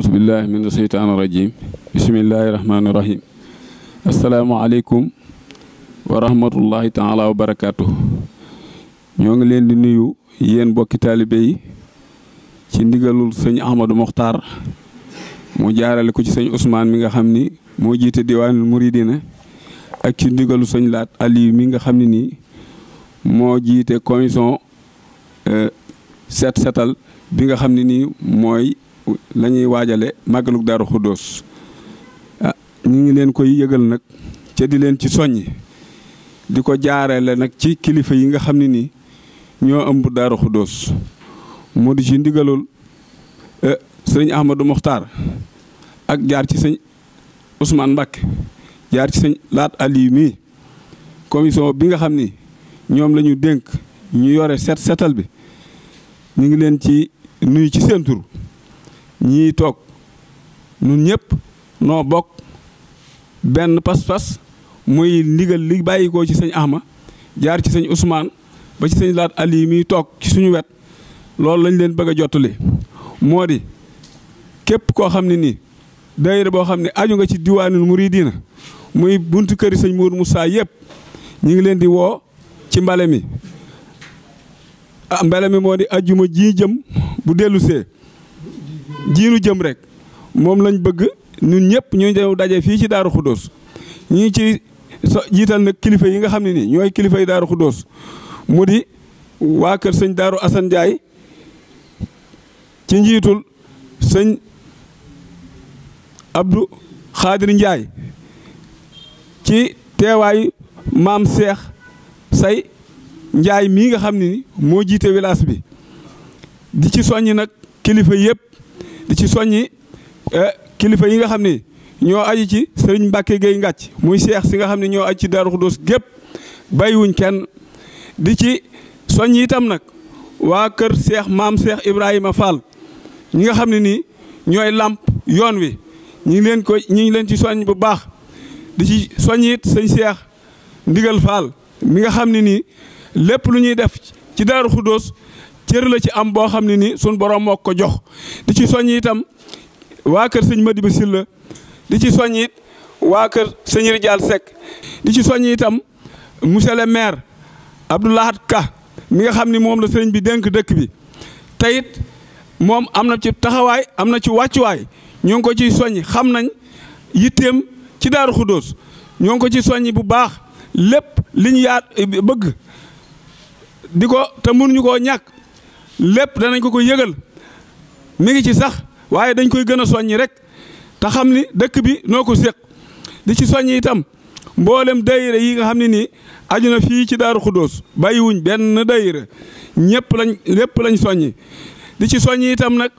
أعوذ بالله من الشيطان الرجيم بسم الله الرحمن الرحيم السلام عليكم ورحمة الله تعالى وبركاته نيوغ لين دي نيو يين بوكي طالبي سي نديغالول سيغ احمد مختار مو جارالكو سي عثمان ميغا خامني مو جيتي ديوان المريدين اك سي نديغالو سيغ لات علي ميغا خامني ني مو جيتي كوميسيون 7 7 بيغا خامني ني موي lañuy waajale màggalug daaru xuddoos ah, ñu ngi leen koy yëgal nag ca di leen ci soññi di ko jaarale nag ci kilifa yi nga xam ne nii ñoo ëmb daaru xuddoos moo di ci ndigalul eh, sëriñ Ahmadou Mokhtar ak jaar ci sëñ Ousmane Mbacke jaar ci sëñ Laat Ali mii commission bi nga xam ni ñoom la dénk ñu yore set setal bi ñu ngi leen ci nuyu ci seen tur ñii toog ñun ñëpp noo bokk benn pas-pas muy ndigal li bàyyikoo ci sañ Axma jaar ci sëñ Ousmane ba ci sëñ Laat Ali miy toog ci suñu wet loolu lañ leen bëgg a jottali moo di képp koo xam ne nii daayira boo xam ne aju nga ci diwaanul muridiina muy buntu këri sëñ Mourou Moussa yëpp ñu ngi leen di woo ci mbale mi ah, mbale mi moo di ajjuma ji jëm bu dellusee jiinu jëm rek moom lañ bëgg ñun ñëpp ñu ñëw daje fii ci Daaru Xuddoos ñi ci so jiital nag kilifa yi nga xam ne ni ñooy kilifa yi Daaru Xuddoos mu di waa kër sëñ Daaru Assane Ndiaye ci njiitul sëñ abdu Khadir njaay ci teewaayu maam Cheikh Say njaay mii nga xam ni ni moo jiite village bi di ci soññi nag kilifa yëpp. ci soññi eh, kilifa yi nga xam ni ñoo aju ci sëriñ Mbacke Gueye Ngathie muy seex si nga xam ne ñoo aju ci Darou Khoudoss gépp bàyyiwuñ kenn di ci soññ itam nag waa kër seex maam seex Ibrahima Fall ñi nga xam ne nii ñooy làmp yoon wi ñi leen ko ñi ngi leen ci soññ bu baax di ci soññ it sëñ seex ndigal Fall mi nga xam ne nii lépp lu ñuy def ci Darou Khoudoss cër la ci am boo xam ne nii suñ borom moo ko jox di ci soññ itam waa kër sëñ Madiba Sylla di ci soñ it waa kër sëñ Rijaal Seck di ci soñ itam monsieur le maire Abdou Ka mi nga xam ni moom la sëriñ bi dénk dëkk bi teyit moom am na ci taxawaay am na ci wàccuwaay ñoo ngi ko ciy soññ xam nañ yitteem ci Daaru Xudóos ñoo ngi ko ci soññ bu baax lépp liñ yaat bëgg di ko te mënuñu koo ñàkk lépp danañ ko ko yëgal mi ngi ci sax waaye dañ koy gën a soññi rek te xam ni dëkk bi noo ko séq di ci soññ itam mboolem dayira yi nga xam ne nii aju na fii ci Daaru Xuddoos bàyyiwuñ benn dayira ñëpp lañ lépp lañ soññ di ci soññ itam nag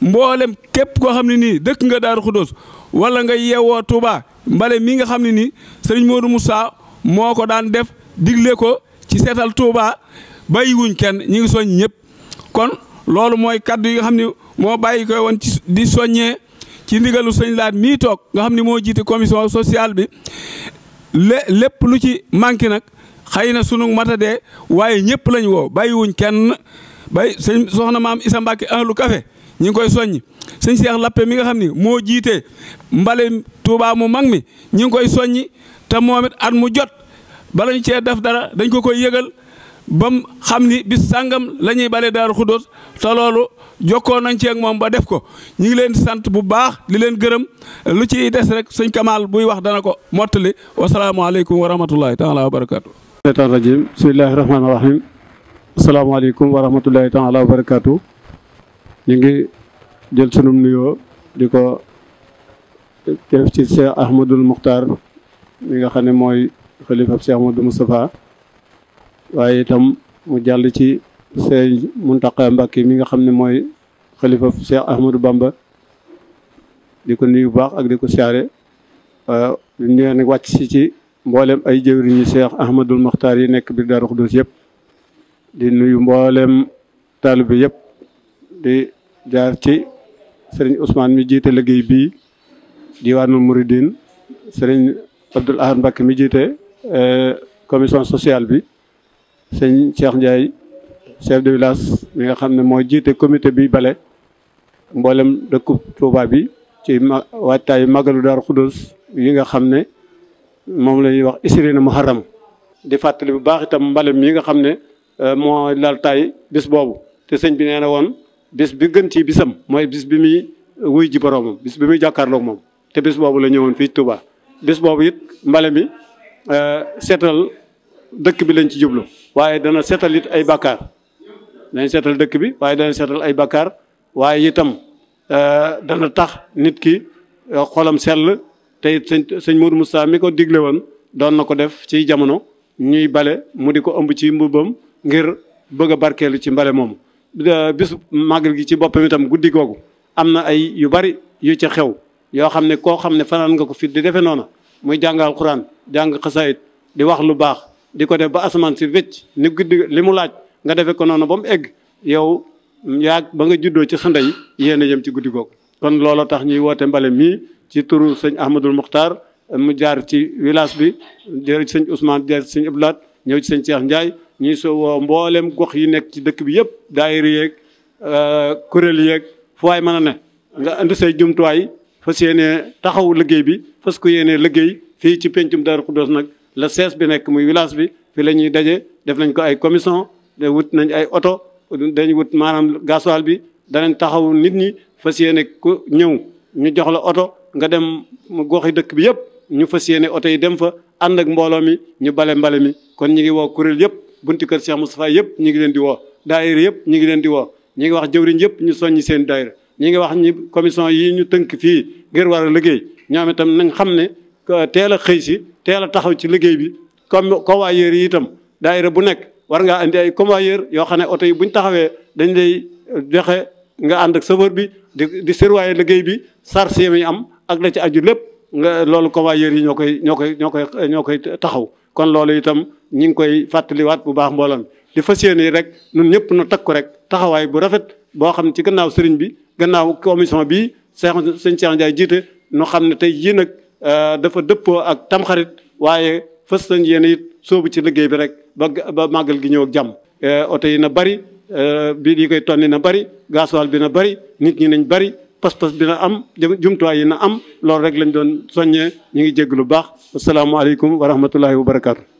mboolem képp koo xam ne nii dëkk nga Daaru Xuddoos wala nga yeewoo Touba mbale mi nga xam ne nii sëriñ Modou Moussa moo ko daan def digle ko ci seetal Touba bàyyiwuñ kenn ñu ngi soññ ñëpp. kon loolu mooy kaddu yi nga xam ne moo bàyyi koy woon ci di soññee ci ndigalu sëñ Laat mii toog nga xam ni moo jiite commission sociale bi lé lépp lu ci manqué nag xëy na sunu matadee waaye ñëpp lañ woo bàyyiwuñ kenn bay sëñ soxna maam Isa Mbàkke ahlu café ñu ngi koy soññ sëñ Cheikh Lappe mi nga xam ni moo jiite mbale Touba mu mag mi ñu ngi koy soññi te moom it at mu jot bala ñu cee def dara dañ ko koy yëgal ba xam ni bis sàngam la ñuy bale daaru xudóos te loolu jokkoo nañ ci moom ba def ko ñu ngi leen sant bu baax di leen gërëm lu ci des rek sëñ Kamaal buy wax dana ko mottali wasalaamualeykum wa rahmatullahi taala wa barakaatu seytaan rajim bismillahi rahmaani rahim asalaamaaleykum wa rahmatullahi taala wa barakaatu ñu ngi jël sunum nuyoo di ko def ci Cheikh Ahmadul Muxtaar mi nga xam ne mooy xalifa Cheikh Ahmadou Moustapha waaye itam mu jàll ci sëñ Muntaqa Mbàkke mi nga xam ne mooy xalifa Cheikh Ahmadou Bamba di ko nuyu bu baax ak di ko siyaare ñu ñëwee wàcc si ci mboolem ay jëwriñu Cheikh Ahmadul Maxtaar yi nekk biir Daaru Xudoos yëpp di nuyu mbooleem mboolem bi yëpp di jaar ci sëriñ Ousmane mi jiite liggéey bii diwaanul Mouridine sëriñ Abdoul Ahad Mbàkke mi jiite eh, commission sociale bi sëñ Cheikh Ndiaye chef de village mi nga xam ne moo jiite comité bi bale mboolem dëkku Touba bi ci ma waajtaayu magalu Daaru Xuddoos yi nga xam ne moom la ñuy wax isrina muharram di fàttali bu baax itam mbale mi nga xam ne euh, moo laltaay taay bis boobu te sëñ bi nee na woon bis bi gën ci bisam mooy bis bi muy wuy ji boroomam bis bi muy jàkkaarloog moom te bis boobu la ñëwoon fii Touba bis boobu it mbale mi euh, seetal dëkk bi lañ ci jublu waaye dana seetal it ay bàkkaar danañ seetal dëkk bi waaye dana seetal ay bàkkaar waaye itam euh, dana tax nit ki euh, xolam sell te it sëñ sëñ Mourou Moussa mi ko digle woon doon na ko def ci jamono ñuy bale mu di ko ëmb ci mbubbam ngir bëgg a barkeelu ci mbale moomu. Euh, bisu màggal gi ci boppam itam guddi googu am na ay yu bari yu ci xew yoo xam ne koo xam ne fanaan nga ko fit di defee noona muy jàng alxuraan jàng xasaayit di wax lu baax. di ko def ba asamaan si wecc ni guddi li mu laaj nga defee ko noonu ba mu egg yow yaa ba nga juddoo ci sa ndey yéen a yem ci guddi googu. kon looloo tax ñuy woote mbale mii ci turu sëñ Ahmadul Muxtaar mu jaar ci village bi jaar ci sëñ Ousmane jaar ci sëñ ñëw ci sëñ Cheikh Ndiaye ñuy soo woo mboolem gox yi nekk ci dëkk bi yëpp daayira yeeg euh, kuréel yeeg fu waay mën ne nga indi say jumtuwaay fas yéenee taxawu liggéey bi fas ko yéenee liggéey fii ci pencum Daaru Xuddoos nag la sees bi nekk muy village bi fi la ñuy daje def nañ ko ay commission de wut nañ ay oto dañ wut maanaam gasoil bi danañ taxawu nit ñi fas yéene ku ñëw ñu jox la oto nga dem goxi dëkk bi yëpp ñu fas yéene oto yi dem fa ànd ak mbooloo mi ñu bale mbale mi kon ñu ngi woo kuréel yëpp bunti kër Cheikh Moustapha yëpp ñu ngi leen di woo daayira yëpp ñu ngi leen di woo ñu ngi wax jëwriñ yëpp ñu soññi seen daayira ñu ngi wax ñi commission yi ñu tënk fii ngir war a liggéey ñoom itam nañ xam ne teel a xëy si teel a taxaw ci liggéey bi comme convoyeur yi itam daayira bu nekk war ngaa andi ay convoyeur yoo xam ne oto yi buñ taxawee dañ lay joxe nga ànd ak chauffeur bi di di surveiller liggéey bi sarse yi am ak la ci aju lépp nga loolu convoyeur yi ñoo koy ñoo koy ñoo koy ñoo koy taxaw kon loolu itam ñi ngi koy fàttaliwaat bu baax mbooloo mi di fas yéene rek ñun ñëpp nu takku rek taxawaay bu rafet boo xam ne ci gannaaw sëriñ bi gannaaw commission bi Cheikh sëñ Cheikh Ndiaye jiite nu xam ne tey jii nag Euh, dafa dëppoo ak tamxarit waaye fës nañ yéen it soobu ci liggéey bi rek ba ba màggal gi ñëw ak jàmm. Euh, oto yi na bari euh, bii di koy tonni na bari gasoil bi na bari nit ñi nañ bari pas-pas bi na am jumtuwaay yi na am loolu rek lañ doon soññee ñu ngi jégg lu baax asalaamaaleykum wa rahmatullahi wa barakaatu.